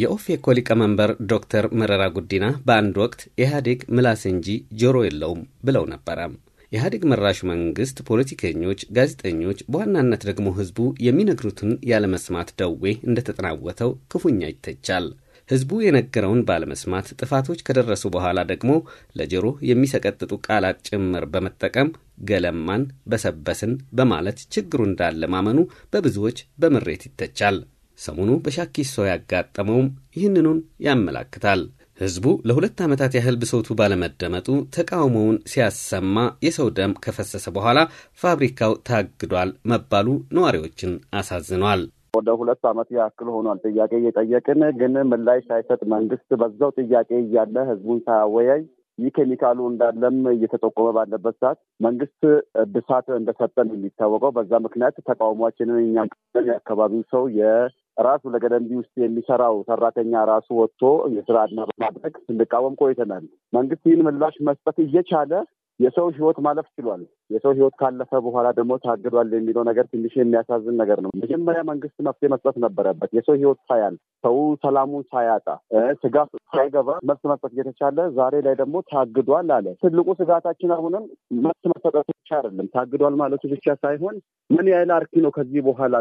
የኦፌኮ ሊቀመንበር ዶክተር መረራ ጉዲና በአንድ ወቅት ኢህአዴግ ምላስ እንጂ ጆሮ የለውም ብለው ነበረ። ኢህአዴግ መራሹ መንግስት ፖለቲከኞች፣ ጋዜጠኞች፣ በዋናነት ደግሞ ህዝቡ የሚነግሩትን ያለመስማት ደዌ እንደተጠናወተው ክፉኛ ይተቻል። ህዝቡ የነገረውን ባለመስማት ጥፋቶች ከደረሱ በኋላ ደግሞ ለጆሮ የሚሰቀጥጡ ቃላት ጭምር በመጠቀም ገለማን፣ በሰበስን በማለት ችግሩ እንዳለ ማመኑ በብዙዎች በምሬት ይተቻል። ሰሞኑ በሻኪሶ ያጋጠመውም ይህንኑን ያመላክታል። ሕዝቡ ለሁለት ዓመታት ያህል ብሶቱ ባለመደመጡ ተቃውሞውን ሲያሰማ የሰው ደም ከፈሰሰ በኋላ ፋብሪካው ታግዷል መባሉ ነዋሪዎችን አሳዝኗል። ወደ ሁለት ዓመት ያክል ሆኗል ጥያቄ እየጠየቅን ግን ምላሽ ሳይሰጥ መንግስት በዛው ጥያቄ እያለ ህዝቡን ሳያወያይ ይህ ኬሚካሉ እንዳለም እየተጠቆመ ባለበት ሰዓት መንግስት እድሳት እንደሰጠን የሚታወቀው በዛ ምክንያት ተቃውሟችንን እኛም የአካባቢው ሰው ራሱ ለገደንቢ ውስጥ የሚሰራው ሰራተኛ ራሱ ወጥቶ የስራ አድማ በማድረግ ስንቃወም ቆይተናል። መንግስት ይህን ምላሽ መስጠት እየቻለ የሰው ህይወት ማለፍ ችሏል። የሰው ህይወት ካለፈ በኋላ ደግሞ ታግዷል የሚለው ነገር ትንሽ የሚያሳዝን ነገር ነው። መጀመሪያ መንግስት መፍትሄ መስጠት ነበረበት። የሰው ህይወት ሳያል ሰው ሰላሙን ሳያጣ ስጋት ሳይገባ መልስ መስጠት እየተቻለ ዛሬ ላይ ደግሞ ታግዷል አለ። ትልቁ ስጋታችን አሁንም መልስ መሰጠቱ ብቻ አይደለም፣ ታግዷል ማለቱ ብቻ ሳይሆን ምን ያህል አርኪ ነው ከዚህ በኋላ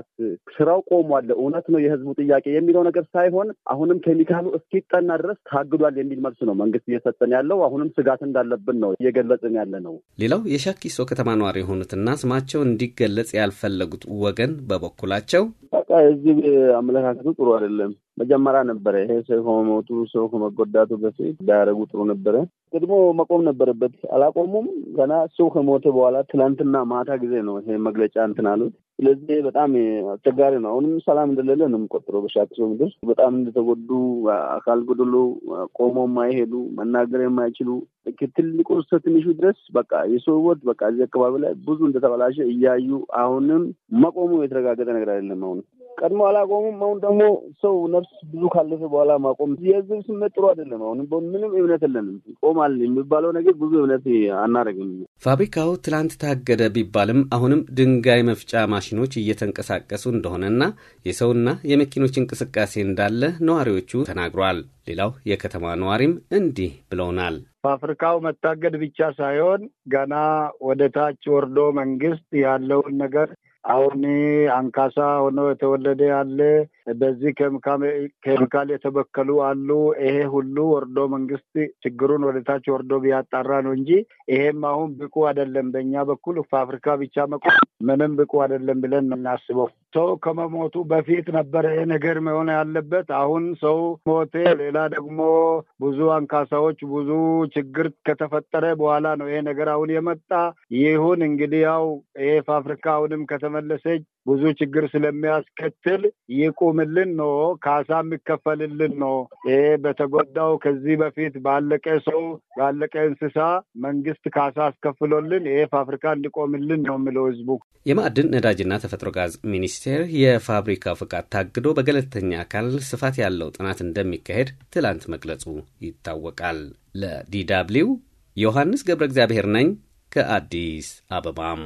ስራው ቆሟል፣ እውነት ነው የህዝቡ ጥያቄ የሚለው ነገር ሳይሆን አሁንም ኬሚካሉ እስኪጠና ድረስ ታግዷል የሚል መልስ ነው መንግስት እየሰጠን ያለው። አሁንም ስጋት እንዳለብን ነው እየገለጽን ያለ ነው። ሌላው የሻኪሶ ከተማ ነዋሪ የሆኑትና ስማቸው እንዲገለጽ ያልፈለጉት ወገን በበኩላቸው በቃ እዚህ አመለካከቱ ጥሩ አይደለም መጀመሪያ ነበረ ይሄ ሰው ከመሞቱ ሰው ከመጎዳቱ በፊት ዳያደረጉ ጥሩ ነበረ። ቅድሞ መቆም ነበረበት፣ አላቆሙም። ገና ሰው ከሞተ በኋላ ትላንትና ማታ ጊዜ ነው ይሄ መግለጫ እንትን አሉት። ስለዚህ በጣም አስቸጋሪ ነው። አሁንም ሰላም እንደሌለ ነው የምቆጥረው። በሻኪሶ ምድር በጣም እንደተጎዱ አካል ጎደሎ፣ ቆሞ የማይሄዱ መናገር የማይችሉ ትልቁ እስከ ትንሹ ድረስ በቃ የሰው በቃ እዚህ አካባቢ ላይ ብዙ እንደተበላሸ እያዩ አሁንም መቆሙ የተረጋገጠ ነገር አይደለም አሁን ቀድሞ አላቆሙም። አሁን ደግሞ ሰው ነፍስ ብዙ ካለፈ በኋላ ማቆም የህዝብ ስሜት ጥሩ አይደለም። አሁን ምንም እምነት የለንም። ቆማል የሚባለው ነገር ብዙ እምነት አናደርግም። ፋብሪካው ትላንት ታገደ ቢባልም አሁንም ድንጋይ መፍጫ ማሽኖች እየተንቀሳቀሱ እንደሆነና የሰውና የመኪኖች እንቅስቃሴ እንዳለ ነዋሪዎቹ ተናግሯል። ሌላው የከተማ ነዋሪም እንዲህ ብለውናል። ፋብሪካው መታገድ ብቻ ሳይሆን ገና ወደ ታች ወርዶ መንግስት ያለውን ነገር Aunii ankasa ho noowote holle dee haallee. በዚህ ኬሚካል የተበከሉ አሉ። ይሄ ሁሉ ወርዶ መንግስት ችግሩን ወደታች ወርዶ ቢያጣራ ነው እንጂ ይሄም አሁን ብቁ አይደለም። በእኛ በኩል ፋብሪካ ብቻ መቆም ምንም ብቁ አይደለም ብለን ነው የምናስበው። ሰው ከመሞቱ በፊት ነበር ይሄ ነገር መሆን ያለበት። አሁን ሰው ሞቴ፣ ሌላ ደግሞ ብዙ አንካሳዎች፣ ብዙ ችግር ከተፈጠረ በኋላ ነው ይሄ ነገር አሁን የመጣ ይሁን እንግዲህ ያው ይሄ ፋብሪካ አሁንም ከተመለሰች ብዙ ችግር ስለሚያስከትል ይቁ የሚቆምልን ነው፣ ካሳ የሚከፈልልን ነው። ይሄ በተጎዳው ከዚህ በፊት ባለቀ ሰው ባለቀ እንስሳ መንግስት ካሳ አስከፍሎልን ይሄ ፋብሪካ እንዲቆምልን ነው የሚለው ህዝቡ። የማዕድን ነዳጅና ተፈጥሮ ጋዝ ሚኒስቴር የፋብሪካ ፍቃድ ታግዶ በገለልተኛ አካል ስፋት ያለው ጥናት እንደሚካሄድ ትላንት መግለጹ ይታወቃል። ለዲ ደብልዩ ዮሐንስ ገብረ እግዚአብሔር ነኝ ከአዲስ አበባም